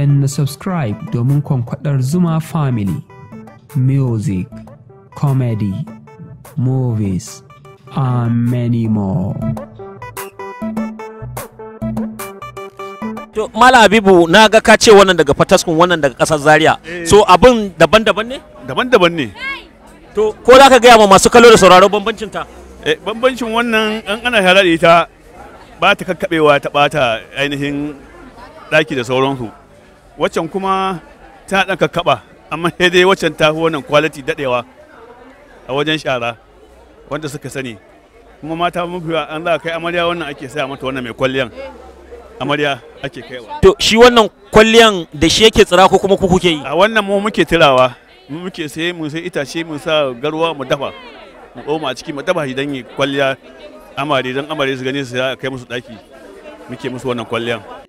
na subscribe domin kwankwadar zuma family music comedy movies and many more to mala habibu na ga ka ce wannan daga fataskun wannan daga kasar zaria eh. so abin daban-daban ne daban-daban ne to ko za ka gaya ma masu kallo da sauraro bambancin ta eh bambancin wannan an ana shara da ita ba ta kakkabewa ta bata ainihin daki da sauransu waccan kuma ta ɗan kakkaɓa amma sai dai waccan ta wannan quality daɗewa a wajen shara wanda suka sani kuma mata mafi an za kai amarya wannan ake saya mata wannan mai kwalliyan amarya ake kaiwa to shi wannan kwalliyan da shi yake tsira ko kuma kuke yi a wannan mu muke tirawa mu muke sai mu sai itace mu sa garwa mu dafa mu tsoma a ciki mu dafa idan yi kwalliya amare dan amare su gani su kai musu daki muke musu wannan kwalliyan